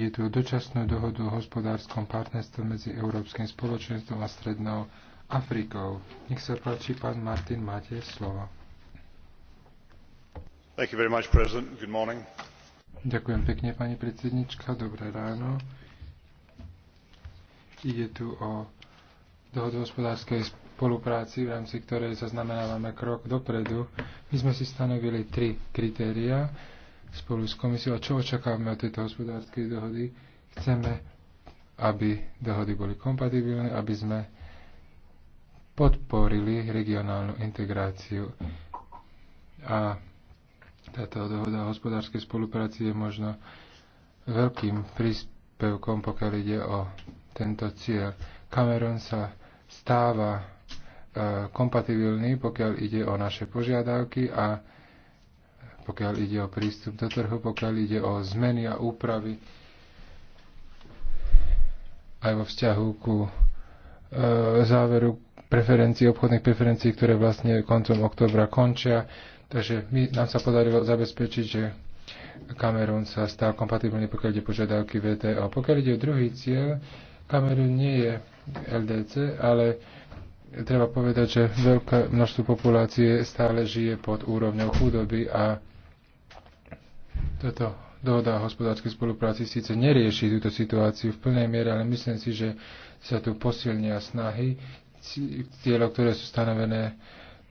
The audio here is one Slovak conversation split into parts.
Je tu dočasnú dohodu o hospodárskom partnerstve medzi Európskym spoločenstvom a Strednou Afrikou. Nech sa páči, pán Martin, máte slovo. Thank you very much, President. Good morning. Ďakujem pekne, pani predsednička. Dobré ráno. Ide tu o dohodu o hospodárskej spolupráci, v rámci ktorej zaznamenávame krok dopredu. My sme si stanovili tri kritéria spolu s komisiou a čo očakávame od tejto hospodárskej dohody. Chceme, aby dohody boli kompatibilné, aby sme podporili regionálnu integráciu. A táto dohoda o hospodárskej spolupráci je možno veľkým príspevkom, pokiaľ ide o tento cieľ. Cameron sa stáva e, kompatibilný, pokiaľ ide o naše požiadavky a pokiaľ ide o prístup do trhu, pokiaľ ide o zmeny a úpravy aj vo vzťahu ku e, záveru preferencií, obchodných preferencií, ktoré vlastne koncom oktobra končia. Takže my, nám sa podarilo zabezpečiť, že Kamerun sa stal kompatibilný, pokiaľ ide požiadavky VTO. Pokiaľ ide o druhý cieľ, Kamerun nie je LDC, ale treba povedať, že veľké množstvo populácie stále žije pod úrovňou chudoby a toto dohoda o hospodárskej spolupráci síce nerieši túto situáciu v plnej miere, ale myslím si, že sa tu posilnia snahy, cieľo, ktoré sú stanovené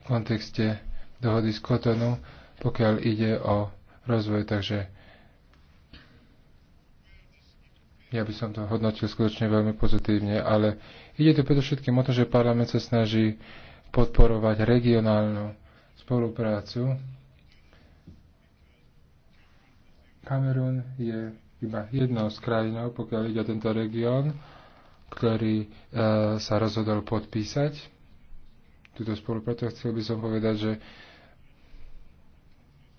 v kontexte dohody z Kotonu, pokiaľ ide o rozvoj. Takže ja by som to hodnotil skutočne veľmi pozitívne, ale ide tu predovšetkým o to, že parlament sa snaží podporovať regionálnu spoluprácu Kamerún je iba jednou z krajinou, pokiaľ ide o tento región, ktorý e, sa rozhodol podpísať túto spoluprácu. Chcel by som povedať, že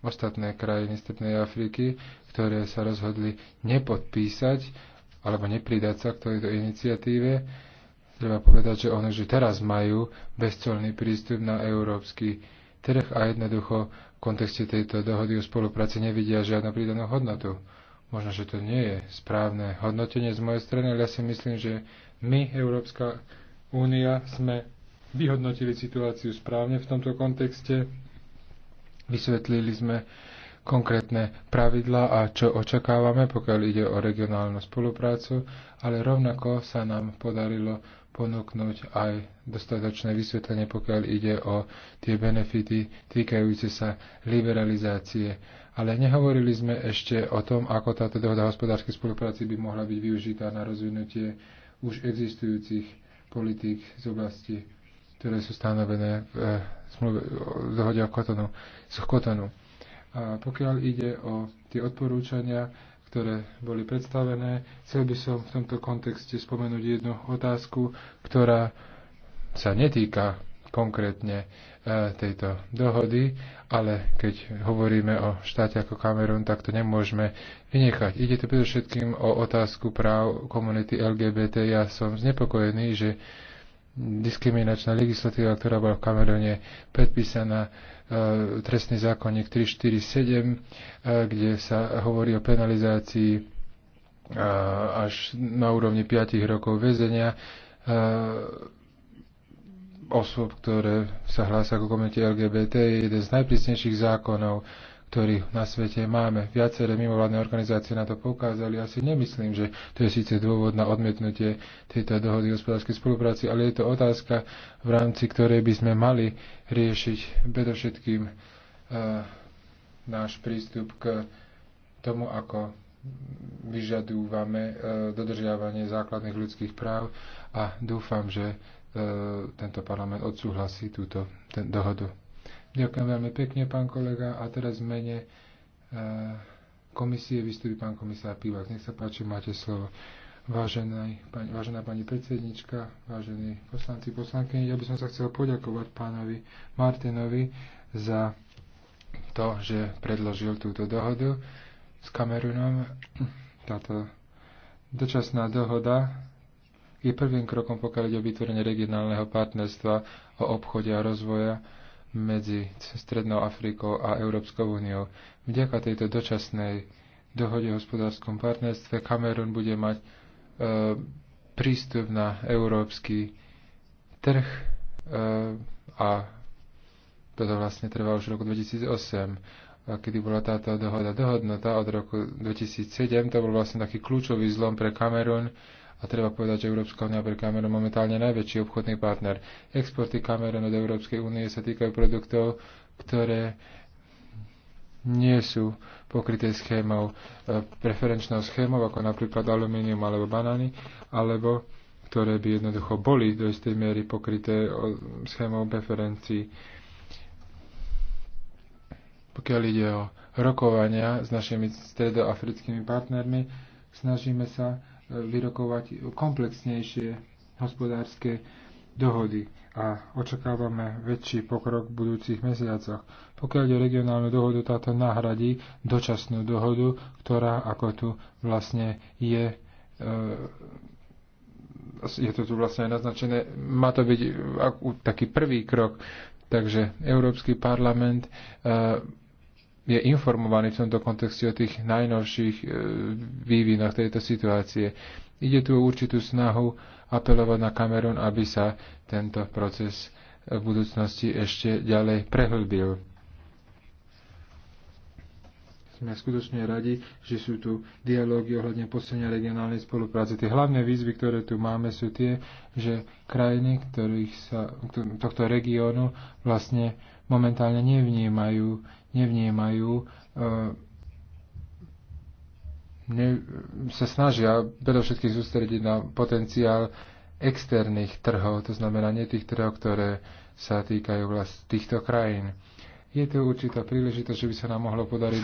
ostatné krajiny Strednej Afriky, ktoré sa rozhodli nepodpísať alebo nepridať sa k tejto iniciatíve, treba povedať, že oni už teraz majú bezcolný prístup na európsky trh a jednoducho v kontexte tejto dohody o spolupráci nevidia žiadnu pridanú hodnotu. Možno, že to nie je správne hodnotenie z mojej strany, ale ja si myslím, že my, Európska únia, sme vyhodnotili situáciu správne v tomto kontexte. Vysvetlili sme, konkrétne pravidlá a čo očakávame, pokiaľ ide o regionálnu spoluprácu, ale rovnako sa nám podarilo ponúknuť aj dostatočné vysvetlenie, pokiaľ ide o tie benefity týkajúce sa liberalizácie. Ale nehovorili sme ešte o tom, ako táto dohoda hospodárskej spolupráci by mohla byť využitá na rozvinutie už existujúcich politík z oblasti, ktoré sú stanovené v eh, v dohode o kotonu, z kotonu. A pokiaľ ide o tie odporúčania, ktoré boli predstavené. Chcel by som v tomto kontexte spomenúť jednu otázku, ktorá sa netýka konkrétne e, tejto dohody, ale keď hovoríme o štáte ako Kamerun, tak to nemôžeme vynechať. Ide to predovšetkým o otázku práv komunity LGBT. Ja som znepokojený, že diskriminačná legislatíva, ktorá bola v Kamerone predpísaná, e, trestný zákonník 347, e, kde sa hovorí o penalizácii e, až na úrovni 5 rokov väzenia. E, osôb, ktoré sa hlásia ako komunite LGBT, je jeden z najprísnejších zákonov ktorý na svete máme. Viaceré mimovládne organizácie na to poukázali. Ja si nemyslím, že to je síce dôvod na odmietnutie tejto dohody o hospodárskej spolupráci, ale je to otázka, v rámci ktorej by sme mali riešiť predovšetkým uh, náš prístup k tomu, ako vyžadúvame uh, dodržiavanie základných ľudských práv a dúfam, že uh, tento parlament odsúhlasí túto ten, dohodu. Ďakujem veľmi pekne, pán kolega. A teraz v mene eh, komisie vystúpi pán komisár Pivák. Nech sa páči, máte slovo. Vážená pani, vážená pani predsednička, vážení poslanci, poslanky, ja by som sa chcel poďakovať pánovi Martinovi za to, že predložil túto dohodu s Kamerunom. Táto dočasná dohoda je prvým krokom, pokiaľ ide o vytvorenie regionálneho partnerstva o obchode a rozvoja medzi Strednou Afrikou a Európskou úniou. Vďaka tejto dočasnej dohode o hospodárskom partnerstve Kamerun bude mať e, prístup na európsky trh e, a toto vlastne trvá už v roku 2008, kedy bola táto dohoda dohodnutá od roku 2007. To bol vlastne taký kľúčový zlom pre Kamerun, a treba povedať, že Európska únia pre Kamerun momentálne najväčší obchodný partner. Exporty Kamerun od Európskej únie sa týkajú produktov, ktoré nie sú pokryté schémou, e, preferenčnou schémou, ako napríklad alumínium alebo banány, alebo ktoré by jednoducho boli do istej miery pokryté e, schémou preferencií. Pokiaľ ide o rokovania s našimi stredoafrickými partnermi, snažíme sa vyrokovať komplexnejšie hospodárske dohody a očakávame väčší pokrok v budúcich mesiacoch. Pokiaľ je regionálnu dohodu, táto nahradí dočasnú dohodu, ktorá ako tu vlastne je e, je to tu vlastne naznačené, má to byť e, taký prvý krok, takže Európsky parlament e, je informovaný v tomto kontexte o tých najnovších e, vývinoch tejto situácie. Ide tu o určitú snahu apelovať na Kamerun, aby sa tento proces e, v budúcnosti ešte ďalej prehlbil sme skutočne radi, že sú tu dialógy ohľadne posilnenia regionálnej spolupráce. Tie hlavné výzvy, ktoré tu máme, sú tie, že krajiny ktorých sa, tohto regiónu vlastne momentálne nevnímajú, nevnímajú e, ne, sa snažia predovšetkým sústrediť na potenciál externých trhov, to znamená nie tých trhov, ktoré sa týkajú vlast týchto krajín je to určitá príležitosť, že by sa nám mohlo podariť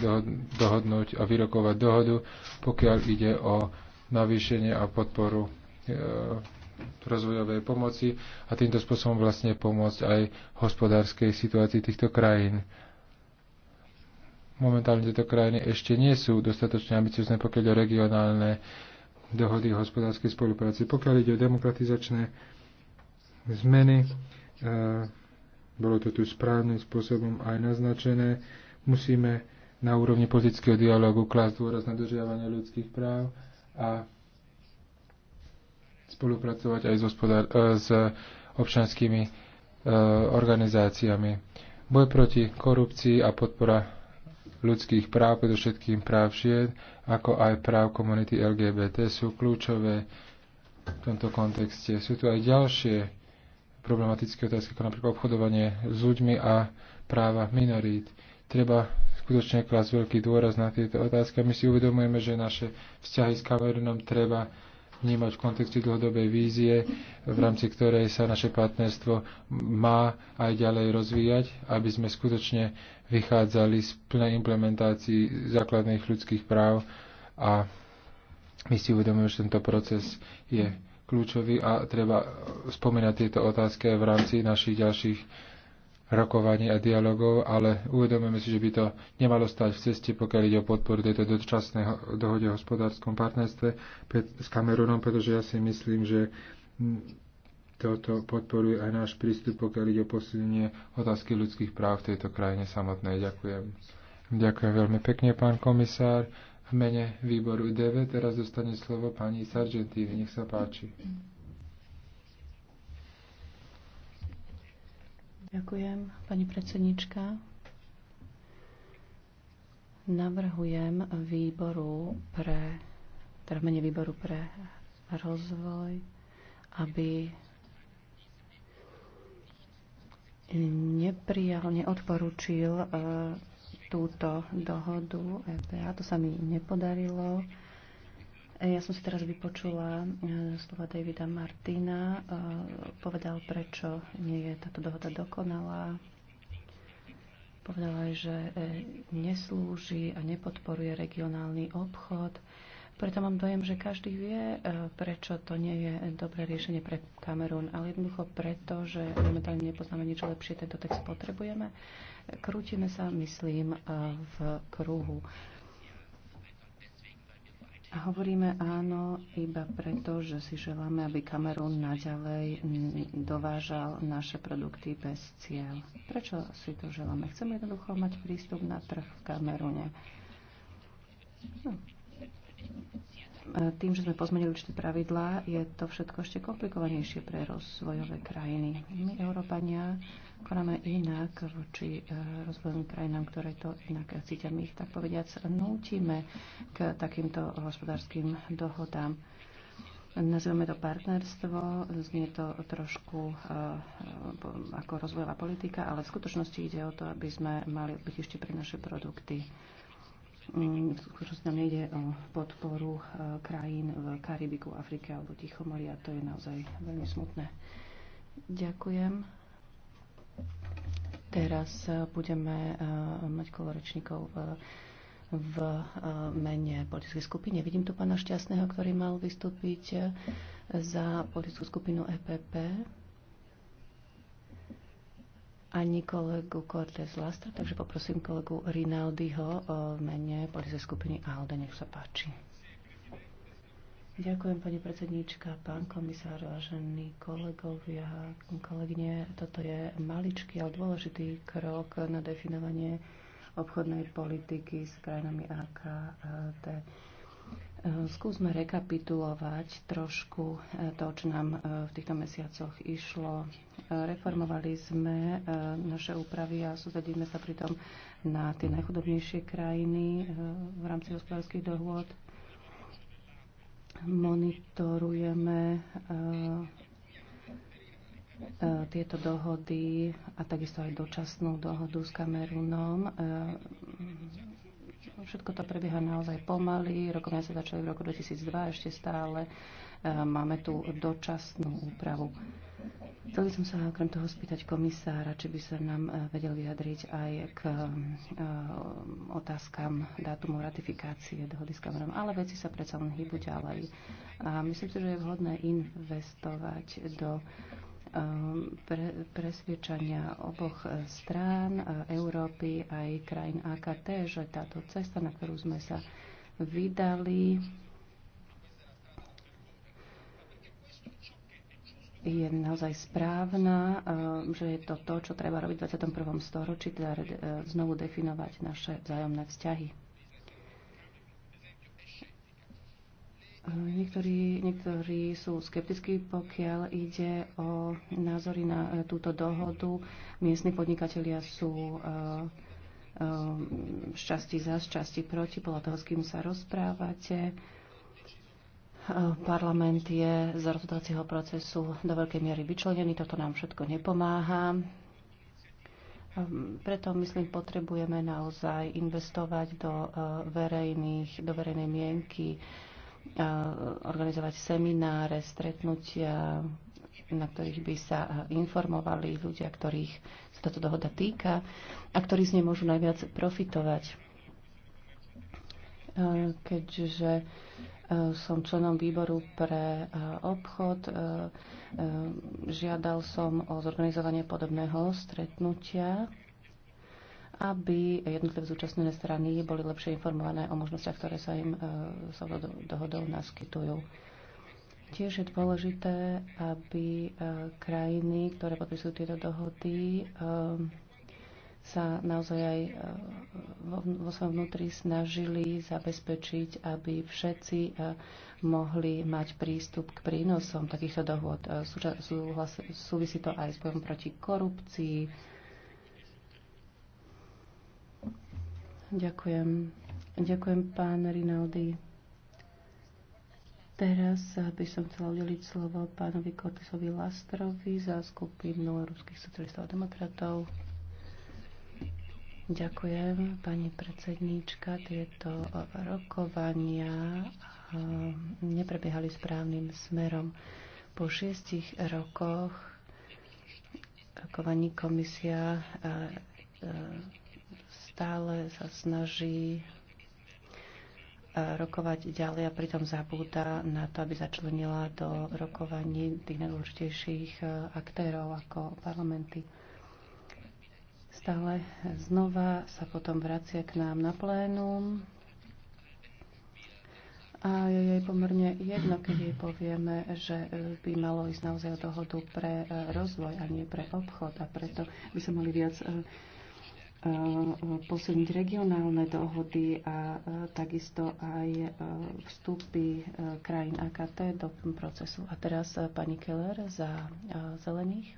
dohodnúť a vyrokovať dohodu, pokiaľ ide o navýšenie a podporu e, rozvojovej pomoci a týmto spôsobom vlastne pomôcť aj hospodárskej situácii týchto krajín. Momentálne tieto krajiny ešte nie sú dostatočne ambiciozne, pokiaľ o regionálne dohody o hospodárskej spolupráci. Pokiaľ ide o demokratizačné zmeny, e, bolo to tu správnym spôsobom aj naznačené, musíme na úrovni politického dialogu klásť dôraz na dožiavanie ľudských práv a spolupracovať aj s, hospodár- e, s občanskými e, organizáciami. Boj proti korupcii a podpora ľudských práv, predovšetkým práv žien, ako aj práv komunity LGBT sú kľúčové v tomto kontexte. Sú tu aj ďalšie problematické otázky ako napríklad obchodovanie s ľuďmi a práva minorít. Treba skutočne klásť veľký dôraz na tieto otázky. My si uvedomujeme, že naše vzťahy s Kamerunom treba vnímať v kontexte dlhodobej vízie, v rámci ktorej sa naše partnerstvo má aj ďalej rozvíjať, aby sme skutočne vychádzali z plnej implementácii základných ľudských práv a my si uvedomujeme, že tento proces je kľúčový a treba spomínať tieto otázky aj v rámci našich ďalších rokovaní a dialogov, ale uvedomujeme si, že by to nemalo stať v ceste, pokiaľ ide o podporu tejto dočasnej dohode o hospodárskom partnerstve s Kamerunom, pretože ja si myslím, že toto podporuje aj náš prístup, pokiaľ ide o posilnenie otázky ľudských práv v tejto krajine samotnej. Ďakujem. Ďakujem veľmi pekne, pán komisár. V mene výboru DV teraz dostane slovo pani Sargentini. Nech sa páči. Ďakujem, pani predsednička. Navrhujem výboru pre, teda mene výboru pre rozvoj, aby neprijal, neodporučil e, túto dohodu EPA. To sa mi nepodarilo. E, ja som si teraz vypočula slova e, Davida Martina. E, povedal, prečo nie je táto dohoda dokonalá. Povedal aj, že neslúži a nepodporuje regionálny obchod. Preto mám dojem, že každý vie, prečo to nie je dobré riešenie pre Kamerún, ale jednoducho preto, že momentálne nepoznáme nič lepšie, tento text potrebujeme Krútime sa, myslím, e, v kruhu. A hovoríme áno iba preto, že si želáme, aby Kamerún naďalej dovážal naše produkty bez cieľ. Prečo si to želáme? Chceme jednoducho mať prístup na trh v Kamerune. No, tým, že sme pozmenili určité pravidlá, je to všetko ešte komplikovanejšie pre rozvojové krajiny. My, Európania, konáme inak voči e, rozvojovým krajinám, ktoré to inak cítia. My ich, tak povediac, nútime k takýmto hospodárskym dohodám. Nazývame to partnerstvo, znie to trošku e, e, ako rozvojová politika, ale v skutočnosti ide o to, aby sme mali odbytište pre naše produkty. Mm, v skutočnosti nám nejde o podporu e, krajín v Karibiku, Afrike alebo Tichomoria. To je naozaj veľmi smutné. Ďakujem. Teraz e, budeme e, mať kolorečníkov v v mene politickej skupiny. Vidím tu pána Šťastného, ktorý mal vystúpiť za politickú skupinu EPP ani kolegu Cortez Lasta, takže poprosím kolegu Rinaldiho o eh, mene politickej skupiny ALDE. Nech sa páči. Ďakujem, pani predsedníčka, pán komisár, vážení kolegovia, kolegyne. Toto je maličký, ale dôležitý krok na definovanie obchodnej politiky s krajinami AKT. Eh, skúsme rekapitulovať trošku eh, to, čo nám eh, v týchto mesiacoch išlo. Reformovali sme naše úpravy a sústredíme sa pritom na tie najchudobnejšie krajiny v rámci hospodárskych dohôd. Monitorujeme tieto dohody a takisto aj dočasnú dohodu s Kamerunom Všetko to prebieha naozaj pomaly. Rokovania sa začali v roku 2002, ešte stále e, máme tu dočasnú úpravu. Chcel by som sa okrem toho spýtať komisára, či by sa nám e, vedel vyjadriť aj k e, otázkam dátumu ratifikácie dohody s Kamerom. Ale veci sa predsa len hýbu ďalej. A myslím si, že je vhodné investovať do Ehm, pre, presviečania oboch eh, strán eh, Európy aj krajín AKT, že táto cesta, na ktorú sme sa vydali, je naozaj správna, ehm, že je to to, čo treba robiť v 21. storočí, teda eh, znovu definovať naše vzájomné vzťahy. Niektorí, niektorí sú skeptickí, pokiaľ ide o názory na e, túto dohodu. Miestni podnikatelia sú e, e, z časti za, z časti proti, podľa toho, s kým sa rozprávate. Parlament je z rozhodovacieho procesu do veľkej miery vyčlenený, toto nám všetko nepomáha. Preto, myslím, potrebujeme naozaj investovať do, verejných, do verejnej mienky, organizovať semináre, stretnutia, na ktorých by sa informovali ľudia, ktorých sa táto dohoda týka a ktorí z nej môžu najviac profitovať. Keďže som členom výboru pre obchod, žiadal som o zorganizovanie podobného stretnutia aby jednotlivé zúčastnené strany boli lepšie informované o možnostiach, ktoré sa im e, do, dohodou naskytujú. Tiež je dôležité, aby e, krajiny, ktoré podpisujú tieto dohody, e, sa naozaj aj vo svojom vnútri snažili zabezpečiť, aby všetci mohli mať prístup k prínosom takýchto dohod. Súvisí to aj s bojom proti korupcii, Ďakujem. Ďakujem, pán Rinaldi. Teraz by som chcela udeliť slovo pánovi Kortisovi Lastrovi za skupinu Ruských socialistov a demokratov. Ďakujem, pani predsedníčka. Tieto rokovania eh, neprebiehali správnym smerom. Po šiestich rokoch rokovaní komisia eh, eh, stále sa snaží e, rokovať ďalej a pritom zabúda na to, aby začlenila do rokovaní tých najdôležitejších e, aktérov ako parlamenty. Stále znova sa potom vracia k nám na plénum a je jej pomerne jedno, keď jej povieme, že e, by malo ísť naozaj o dohodu pre rozvoj a nie pre obchod a preto by sa mali viac Eh, posilniť regionálne dohody a eh, takisto aj eh, vstupy krajín AKT do procesu. A teraz pani Keller za zelených.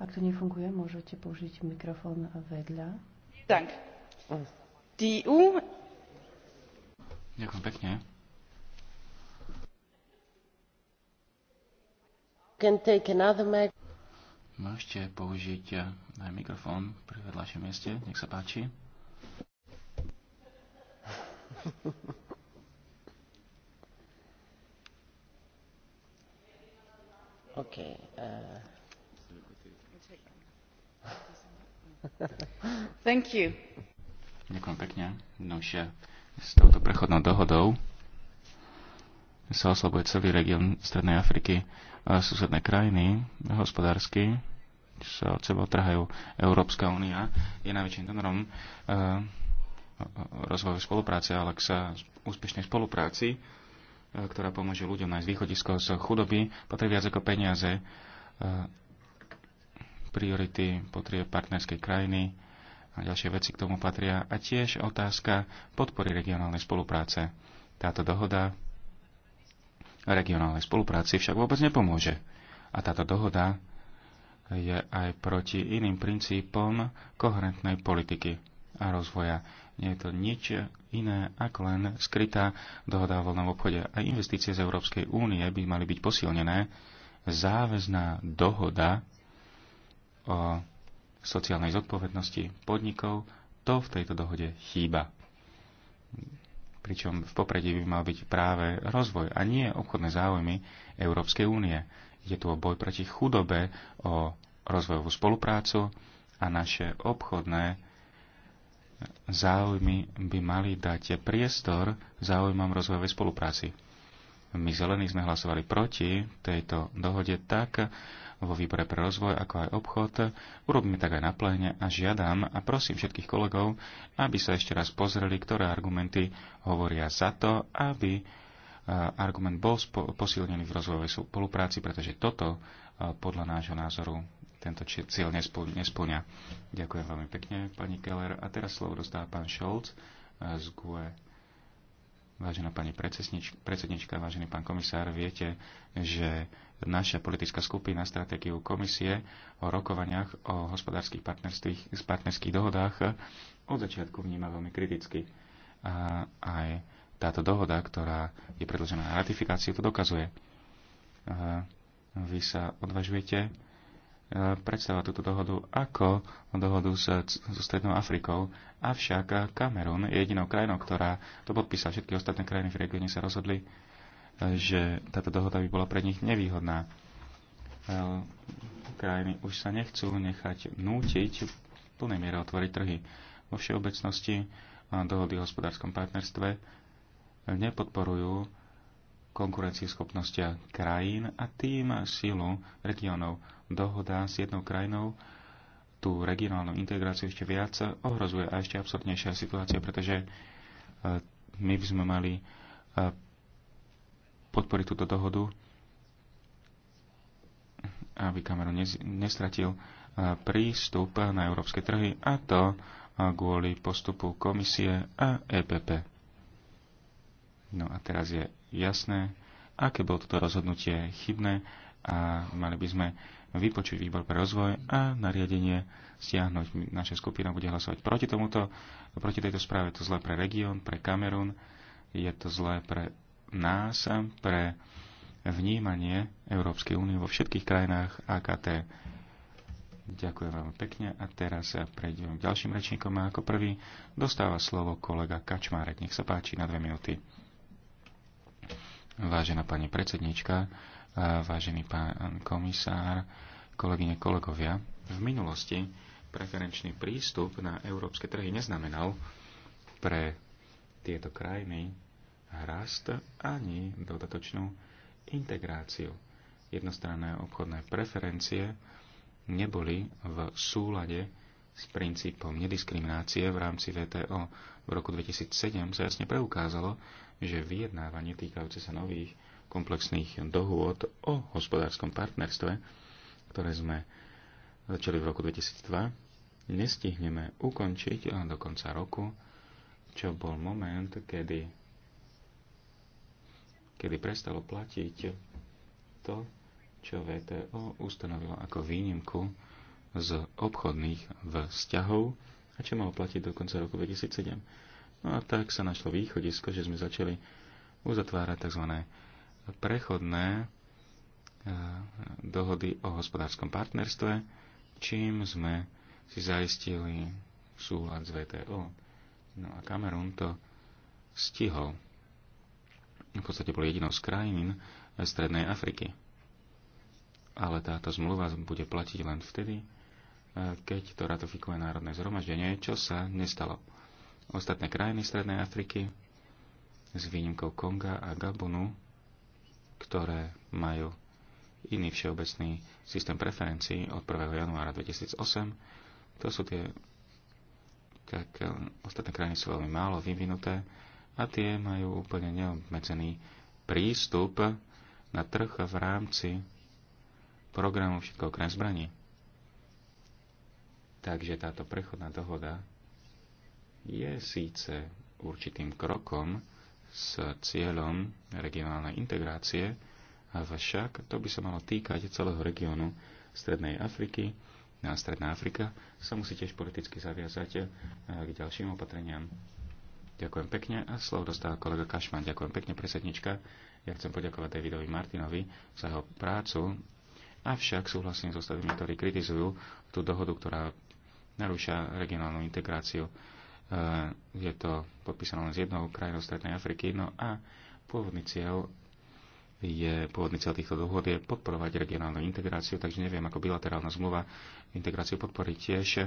Ak to nefunguje, môžete použiť mikrofón vedľa. Dank. Die EU... Ďakujem pekne. can take another mic. Môžete použiť eh, aj mikrofón pri vedľajšom mieste. Nech sa páči. OK. Uh... Thank you. Ďakujem pekne. No už s touto prechodnou dohodou sa oslabuje celý región Strednej Afriky a susedné krajiny hospodársky sa od seba trhajú. Európska únia je najväčším donorom e, rozvoju spolupráce, ale k sa úspešnej spolupráci, e, ktorá pomôže ľuďom nájsť východisko z chudoby, patrí viac ako peniaze, e, priority, potrieb partnerskej krajiny a ďalšie veci k tomu patria a tiež otázka podpory regionálnej spolupráce. Táto dohoda regionálnej spolupráci však vôbec nepomôže. A táto dohoda je aj proti iným princípom koherentnej politiky a rozvoja. Nie je to nič iné ako len skrytá dohoda o voľnom obchode. A investície z Európskej únie by mali byť posilnené. Záväzná dohoda o sociálnej zodpovednosti podnikov, to v tejto dohode chýba pričom v popredí by mal byť práve rozvoj a nie obchodné záujmy Európskej únie. Je tu o boj proti chudobe, o rozvojovú spoluprácu a naše obchodné záujmy by mali dať priestor záujmom rozvojovej spolupráci. My zelení sme hlasovali proti tejto dohode tak, vo výbore pre rozvoj, ako aj obchod. Urobíme tak aj na pléne a žiadam a prosím všetkých kolegov, aby sa ešte raz pozreli, ktoré argumenty hovoria za to, aby e, argument bol posilnený v rozvojovej spolupráci, pretože toto e, podľa nášho názoru tento cieľ nesplňa. Ďakujem veľmi pekne, pani Keller. A teraz slovo dostáva pán Scholz e, z GUE. Vážená pani predsednička, vážený pán komisár, viete, že naša politická skupina stratégiu komisie o rokovaniach o hospodárskych partnerských, partnerských dohodách od začiatku vníma veľmi kriticky. A aj táto dohoda, ktorá je predložená na ratifikáciu, to dokazuje. A vy sa odvažujete predstava túto dohodu ako dohodu s, so Strednou Afrikou. Avšak Kamerun je jedinou krajinou, ktorá to podpísala. Všetky ostatné krajiny v regióne sa rozhodli, e, že táto dohoda by bola pre nich nevýhodná. E, krajiny už sa nechcú nechať nútiť v plnej miere otvoriť trhy. Vo všeobecnosti e, dohody o hospodárskom partnerstve nepodporujú konkurencieschopnosti krajín a tým sílu regiónov. Dohoda s jednou krajinou tú regionálnu integráciu ešte viac ohrozuje a ešte absurdnejšia situácia, pretože e, my by sme mali e, podporiť túto dohodu, aby kameru nestratil e, prístup na európske trhy a to kvôli postupu komisie a EPP. No a teraz je jasné, aké bolo toto rozhodnutie chybné a mali by sme vypočuť výbor pre rozvoj a nariadenie stiahnuť. Naša skupina bude hlasovať proti tomuto, proti tejto správe. Je to zlé pre región, pre Kamerun, je to zlé pre nás, pre vnímanie Európskej únie vo všetkých krajinách AKT. Ďakujem veľmi pekne a teraz sa prejdeme k ďalším rečníkom a ako prvý dostáva slovo kolega Kačmárek. Nech sa páči na dve minúty vážená pani predsednička, e, vážený pán komisár, kolegyne, kolegovia. V minulosti preferenčný prístup na európske trhy neznamenal pre tieto krajiny rast ani dodatočnú integráciu. Jednostranné obchodné preferencie neboli v súlade s princípom nediskriminácie v rámci VTO. V roku 2007 sa jasne preukázalo, že vyjednávanie týkajúce sa nových komplexných dohôd o hospodárskom partnerstve, ktoré sme začali v roku 2002, nestihneme ukončiť do konca roku, čo bol moment, kedy, kedy prestalo platiť to, čo VTO ustanovilo ako výnimku z obchodných vzťahov a čo malo platiť do konca roku 2007. No a tak sa našlo východisko, že sme začali uzatvárať tzv. prechodné e, dohody o hospodárskom partnerstve, čím sme si zaistili súhľad z VTO. No a Kamerun to stihol. V podstate bol jedinou z krajín e, Strednej Afriky. Ale táto zmluva bude platiť len vtedy, keď to ratifikuje Národné zhromaždenie, čo sa nestalo. Ostatné krajiny Strednej Afriky, s výnimkou Konga a Gabonu, ktoré majú iný všeobecný systém preferencií od 1. januára 2008, to sú tie, tak e, ostatné krajiny sú veľmi málo vyvinuté a tie majú úplne neobmedzený prístup na trh v rámci programu všetkých krajín zbraní Takže táto prechodná dohoda je síce určitým krokom s cieľom regionálnej integrácie, avšak to by sa malo týkať celého regiónu Strednej Afriky. A Stredná Afrika sa musí tiež politicky zaviazať eh, k ďalším opatreniam. Ďakujem pekne a slovo dostáva kolega Kašman. Ďakujem pekne, presednička. Ja chcem poďakovať Davidovi Martinovi za jeho prácu Avšak súhlasím so ostatnými, ktorí kritizujú tú dohodu, ktorá narúša regionálnu integráciu. E, je to podpísané len z jednou krajinou Strednej Afriky, no a pôvodný cieľ je pôvodný cieľ týchto dohôd je podporovať regionálnu integráciu, takže neviem, ako bilaterálna zmluva integráciu podporiť tiež. E,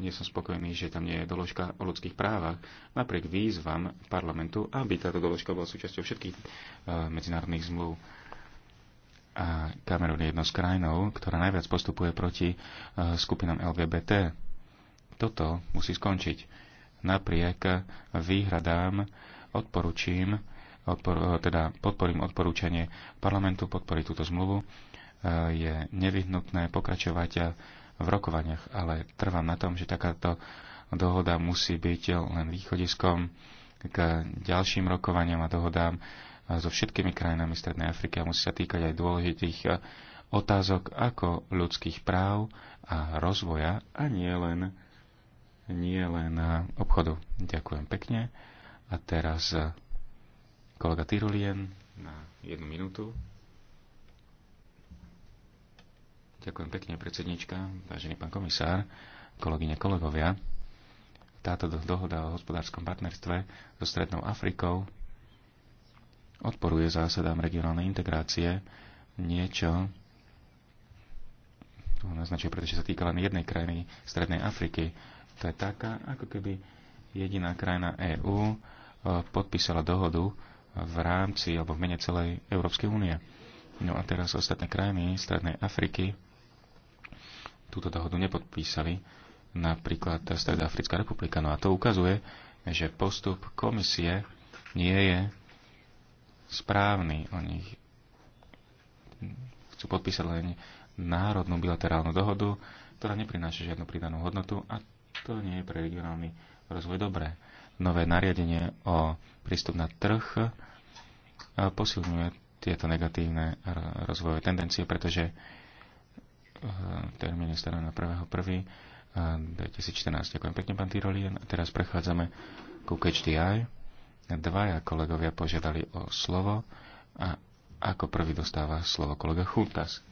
nie som spokojný, že tam nie je doložka o ľudských právach, napriek výzvam parlamentu, aby táto doložka bola súčasťou všetkých e, medzinárodných zmluv a Kamerun je jednou z krajinov, ktorá najviac postupuje proti e, skupinám LGBT. Toto musí skončiť. Napriek výhradám odporúčim, odpor, e, teda podporím odporúčanie parlamentu podporiť túto zmluvu. E, je nevyhnutné pokračovať v rokovaniach, ale trvám na tom, že takáto dohoda musí byť len východiskom k ďalším rokovaniam a dohodám so všetkými krajinami Strednej Afriky a musí sa týkať aj dôležitých eh, otázok ako ľudských práv a rozvoja a nie len, nie len eh, obchodu. Ďakujem pekne. A teraz eh, kolega Tyrulien na jednu minútu. Ďakujem pekne, predsednička, vážený pán komisár, kolegyne, kolegovia. Táto dohoda o hospodárskom partnerstve so Strednou Afrikou odporuje zásadám regionálnej integrácie niečo, to naznačuje, pretože sa týka len jednej krajiny Strednej Afriky. To je taká, ako keby jediná krajina EÚ e, podpísala dohodu v rámci alebo v mene celej Európskej únie. No a teraz ostatné krajiny Strednej Afriky túto dohodu nepodpísali, napríklad Stredoafrická republika. No a to ukazuje, že postup komisie nie je správny. Oni chcú podpísať len národnú bilaterálnu dohodu, ktorá neprináša žiadnu pridanú hodnotu a to nie je pre regionálny rozvoj dobré. Nové nariadenie o prístup na trh e, posilňuje tieto negatívne rozvojové tendencie, pretože e, termín je stanovený na 1.1.2014. E, Ďakujem pekne, pán Tyrolien. A teraz prechádzame ku Catch the Eye. Dvaja kolegovia požiadali o slovo a ako prvý dostáva slovo kolega Chultas.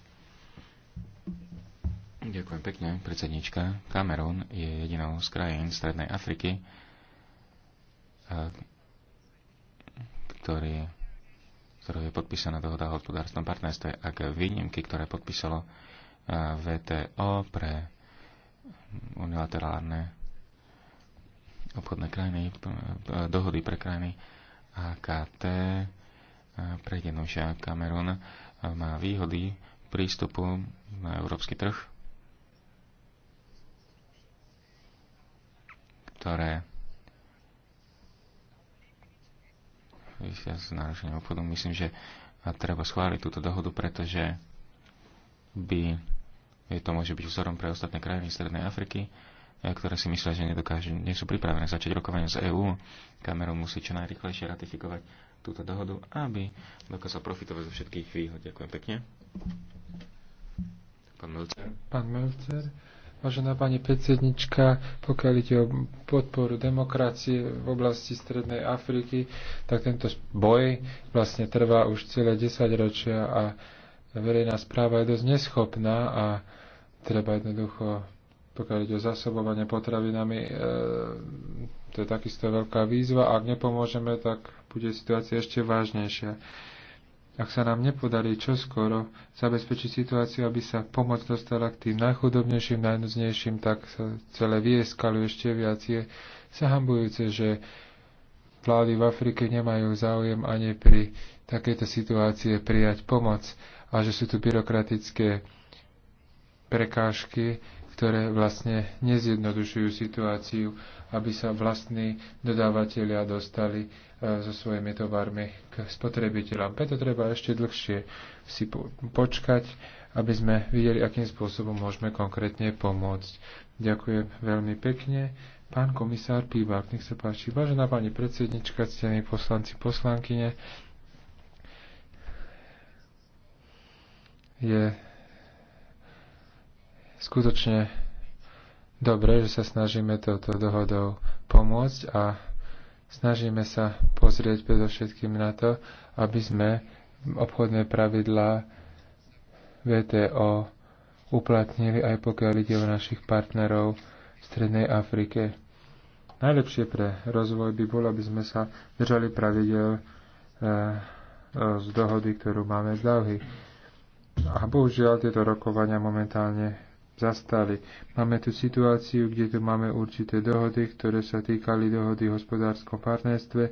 Ďakujem pekne, predsednička. Kamerún je jedinou z krajín Strednej Afriky, eh, ktorý, ktorý je podpísaná dohoda o hospodárskom partnerstve. Ak výnimky, ktoré podpísalo eh, VTO pre unilaterálne obchodné krajiny, eh, dohody pre krajiny AKT, eh, prejdenú, že Kamerun eh, má výhody prístupu na európsky trh, ktoré vysia s nárušením obchodu. Myslím, že treba schváliť túto dohodu, pretože by to môže byť vzorom pre ostatné krajiny Strednej Afriky, E, ktoré si myslia, že nedokážu, nie sú pripravené začať rokovanie z EÚ. Kamerou musí čo najrychlejšie ratifikovať túto dohodu, aby dokázal profitovať zo všetkých výhod. Ďakujem pekne. Pán Melcer. Pán Melcer. Vážená pani predsednička, pokiaľ ide o podporu demokracie v oblasti Strednej Afriky, tak tento boj vlastne trvá už celé 10 ročia a verejná správa je dosť neschopná a treba jednoducho pokiaľ ide o zásobovanie potravinami, e, to je takisto veľká výzva. Ak nepomôžeme, tak bude situácia ešte vážnejšia. Ak sa nám nepodarí čoskoro zabezpečiť situáciu, aby sa pomoc dostala k tým najchudobnejším, najnudnejším, tak sa celé vieskaluje ešte viac. Je zahambujúce, že vlády v Afrike nemajú záujem ani pri takejto situácie prijať pomoc a že sú tu byrokratické prekážky, ktoré vlastne nezjednodušujú situáciu, aby sa vlastní dodávateľia dostali e, so svojimi tovarmi k spotrebiteľom. Preto treba ešte dlhšie si počkať, aby sme videli, akým spôsobom môžeme konkrétne pomôcť. Ďakujem veľmi pekne. Pán komisár Pívák, nech sa páči. Vážená pani predsednička, ctení poslanci, poslankyne, je skutočne dobre, že sa snažíme touto dohodou pomôcť a snažíme sa pozrieť predovšetkým na to, aby sme obchodné pravidlá VTO uplatnili aj pokiaľ ide o našich partnerov v Strednej Afrike. Najlepšie pre rozvoj by bolo, aby sme sa držali pravidel e, e, z dohody, ktorú máme z Dauhy. A bohužiaľ tieto rokovania momentálne zastali. Máme tu situáciu, kde tu máme určité dohody, ktoré sa týkali dohody v hospodárskom partnerstve.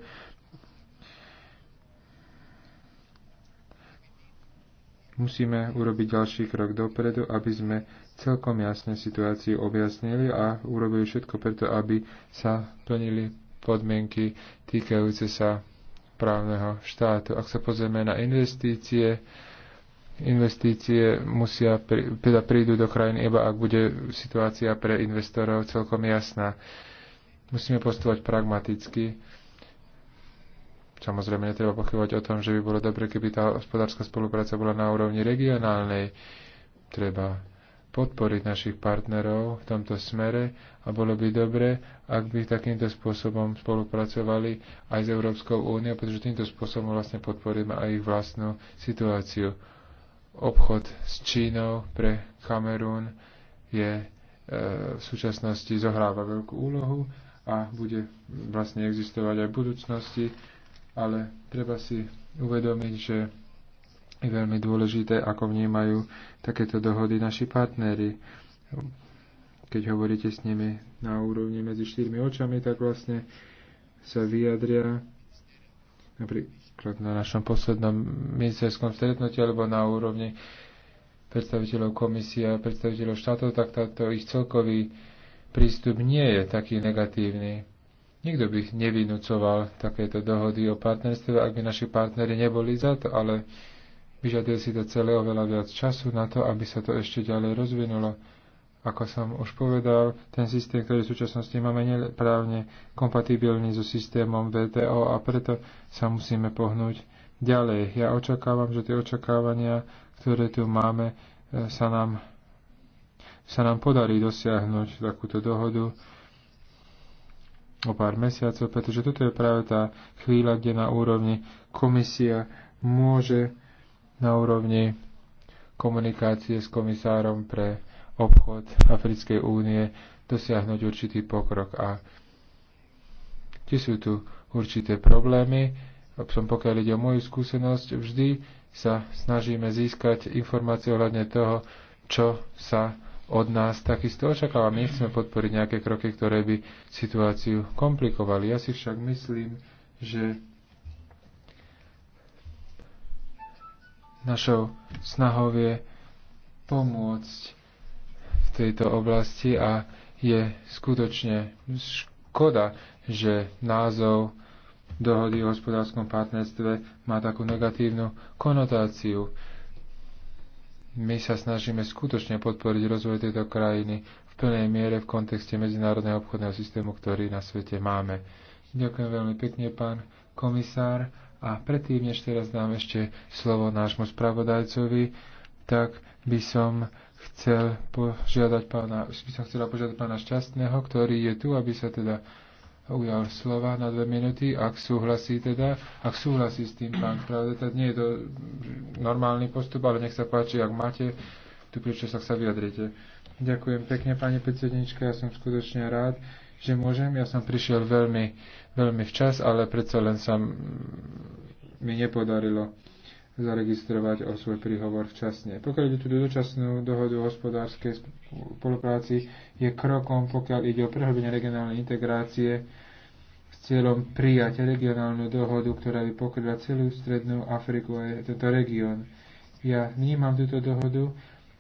Musíme urobiť ďalší krok dopredu, aby sme celkom jasne situáciu objasnili a urobili všetko preto, aby sa plnili podmienky týkajúce sa právneho štátu. Ak sa pozrieme na investície, Investície musia, teda prídu do krajiny iba ak bude situácia pre investorov celkom jasná. Musíme postovať pragmaticky. Samozrejme, netreba pochybovať o tom, že by bolo dobre, keby tá hospodárska spolupráca bola na úrovni regionálnej. Treba podporiť našich partnerov v tomto smere a bolo by dobre, ak by takýmto spôsobom spolupracovali aj s Európskou úniou, pretože týmto spôsobom vlastne podporíme aj ich vlastnú situáciu. Obchod s Čínou pre Kamerún je e, v súčasnosti zohráva veľkú úlohu a bude vlastne existovať aj v budúcnosti, ale treba si uvedomiť, že je veľmi dôležité, ako vnímajú takéto dohody naši partnery. Keď hovoríte s nimi na úrovni medzi štyrmi očami, tak vlastne sa vyjadria napríklad na našom poslednom ministerskom stretnutí alebo na úrovni predstaviteľov komisie a predstaviteľov štátov, tak táto ich celkový prístup nie je taký negatívny. Nikto by nevynúcoval takéto dohody o partnerstve, ak by naši partnery neboli za to, ale vyžaduje si to celé oveľa viac času na to, aby sa to ešte ďalej rozvinulo. Ako som už povedal, ten systém, ktorý v súčasnosti máme, je právne kompatibilný so systémom VTO a preto sa musíme pohnúť ďalej. Ja očakávam, že tie očakávania, ktoré tu máme, e, sa nám, sa nám podarí dosiahnuť takúto dohodu o pár mesiacov, pretože toto je práve tá chvíľa, kde na úrovni komisia môže na úrovni komunikácie s komisárom pre obchod Africkej únie dosiahnuť určitý pokrok. A či sú tu určité problémy. Som pokiaľ ide o moju skúsenosť, vždy sa snažíme získať informácie ohľadne toho, čo sa od nás takisto očakáva. My chceme podporiť nejaké kroky, ktoré by situáciu komplikovali. Ja si však myslím, že našou snahou je pomôcť tejto oblasti a je skutočne škoda, že názov dohody o hospodárskom partnerstve má takú negatívnu konotáciu. My sa snažíme skutočne podporiť rozvoj tejto krajiny v plnej miere v kontexte medzinárodného obchodného systému, ktorý na svete máme. Ďakujem veľmi pekne, pán komisár. A predtým, než teraz dám ešte slovo nášmu spravodajcovi, tak by som chcel požiadať pána, by som chcela požiadať pána Šťastného, ktorý je tu, aby sa teda ujal slova na dve minúty, ak súhlasí teda, ak súhlasí s tým pán pravda, teda nie je to normálny postup, ale nech sa páči, ak máte tu prečo sa vyjadrite. Ďakujem pekne, pani predsednička, ja som skutočne rád, že môžem. Ja som prišiel veľmi, veľmi včas, ale predsa len sa mi nepodarilo zaregistrovať o svoj príhovor včasne. Pokiaľ ide tú dočasnú dohodu o hospodárskej spolupráci, je krokom, pokiaľ ide o prehlbenie regionálnej integrácie s cieľom prijať regionálnu dohodu, ktorá by pokryla celú strednú Afriku a tento región. Ja vnímam túto dohodu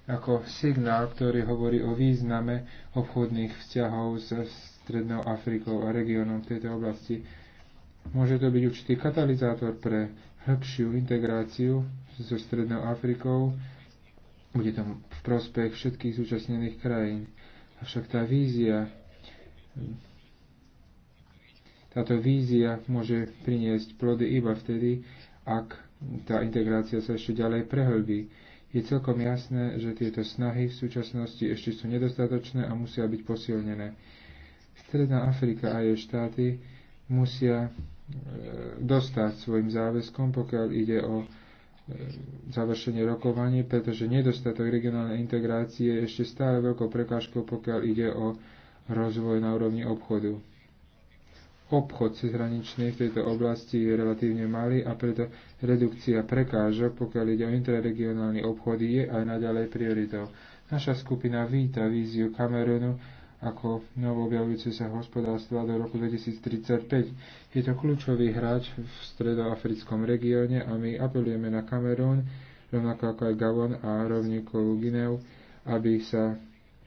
ako signál, ktorý hovorí o význame obchodných vzťahov s Strednou Afrikou a regiónom v tejto oblasti. Môže to byť určitý katalizátor pre hĺbšiu integráciu so Strednou Afrikou. Bude to v prospech všetkých zúčastnených krajín. Avšak tá vízia, táto vízia môže priniesť plody iba vtedy, ak tá integrácia sa ešte ďalej prehlbí. Je celkom jasné, že tieto snahy v súčasnosti ešte sú nedostatočné a musia byť posilnené. Stredná Afrika a jej štáty musia E, dostať svojim záväzkom, pokiaľ ide o e, završenie rokovaní, pretože nedostatok regionálnej integrácie je ešte stále veľkou prekážkou, pokiaľ ide o rozvoj na úrovni obchodu. Obchod cezhraničný v tejto oblasti je relatívne malý a preto redukcia prekážok, pokiaľ ide o intraregionálny obchod, je aj naďalej prioritou. Naša skupina víta víziu Kamerunu ako novoobjavujúce sa hospodárstva do roku 2035. Je to kľúčový hráč v stredoafrickom regióne a my apelujeme na Kamerún, rovnako ako aj Gabon a rovníkovú Gineu, aby sa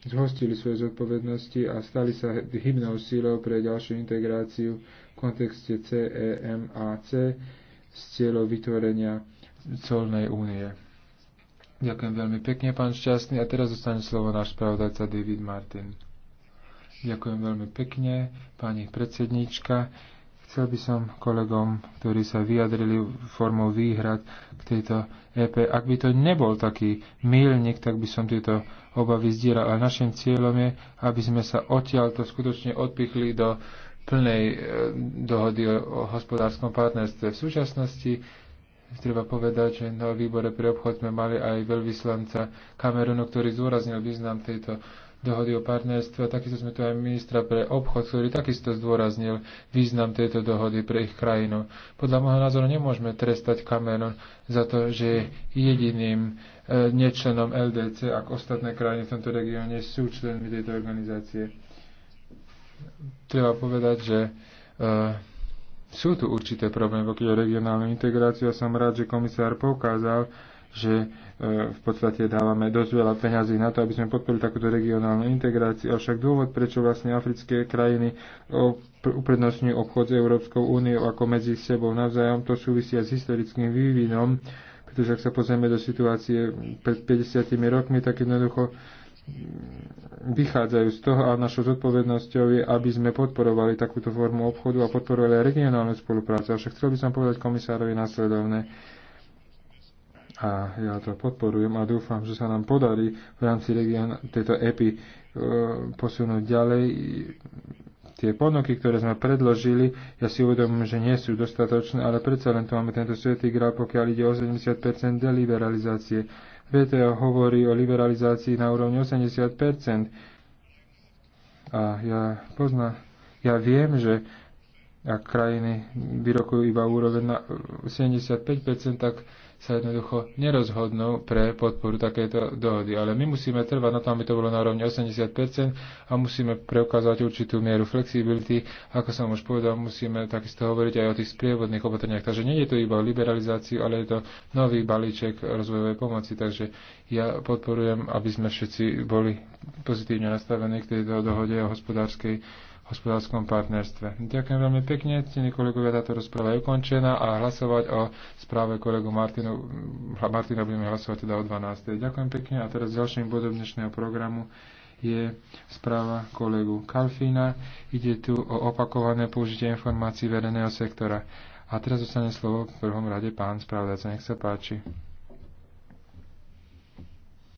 zhostili svoje zodpovednosti a stali sa hybnou síľou pre ďalšiu integráciu v kontexte CEMAC e s cieľom vytvorenia colnej únie. Ďakujem veľmi pekne, pán Šťastný. A teraz zostane slovo náš spravodajca David Martin. Ďakujem veľmi pekne, pani predsednička. Chcel by som kolegom, ktorí sa vyjadrili formou výhrad k tejto EP, ak by to nebol taký milník, tak by som tieto obavy zdieľal. Ale našim cieľom je, aby sme sa odtiaľ to skutočne odpichli do plnej e, dohody o, o hospodárskom partnerstve. V súčasnosti treba povedať, že na výbore pre obchod sme mali aj veľvyslanca Kamerunu, ktorý zdôraznil význam tejto dohody o partnerstve. Takisto sme tu aj ministra pre obchod, ktorý takisto zdôraznil význam tejto dohody pre ich krajinu. Podľa môjho názoru nemôžeme trestať Kamerun za to, že je jediným e, nečlenom LDC, ak ostatné krajiny v tomto regióne sú členmi tejto organizácie. Treba povedať, že e, sú tu určité problémy, pokiaľ regionálnu integráciu. Ja som rád, že komisár poukázal, že e, v podstate dávame dosť veľa peňazí na to, aby sme podporili takúto regionálnu integráciu. Avšak dôvod, prečo vlastne africké krajiny uprednostňujú obchod s Európskou úniou ako medzi sebou navzájom, to súvisia s historickým vývinom, pretože ak sa pozrieme do situácie pred 50 rokmi, tak jednoducho vychádzajú z toho a našou zodpovednosťou je, aby sme podporovali takúto formu obchodu a podporovali aj regionálnu spoluprácu. Avšak chcel by som povedať komisárovi následovné a ja to podporujem a dúfam, že sa nám podarí v rámci regiónu tejto EPI e, posunúť ďalej. Tie ponuky, ktoré sme predložili, ja si uvedomujem, že nie sú dostatočné, ale predsa len tu máme tento svetý grál, pokiaľ ide o 70% deliberalizácie. VTO hovorí o liberalizácii na úrovni 80%. A ja poznám, ja viem, že ak krajiny vyrokujú iba úroveň na 75%, tak sa jednoducho nerozhodnú pre podporu takéto dohody. Ale my musíme trvať na tom, aby to bolo na rovni 80% a musíme preukázať určitú mieru flexibility. Ako som už povedal, musíme takisto hovoriť aj o tých sprievodných opatreniach. Takže nie je to iba o liberalizáciu, ale je to nový balíček rozvojovej pomoci. Takže ja podporujem, aby sme všetci boli pozitívne nastavení k tejto dohode o hospodárskej hospodárskom partnerstve. Ďakujem veľmi pekne, ctení kolegovia, táto rozpráva je ukončená a hlasovať o správe kolegu Martinu, hm, Martina budeme hlasovať teda o 12. Ďakujem pekne a teraz ďalším bodom dnešného programu je správa kolegu Kalfína. Ide tu o opakované použitie informácií verejného sektora. A teraz dostane slovo v prvom rade pán spravodajca. Nech sa páči.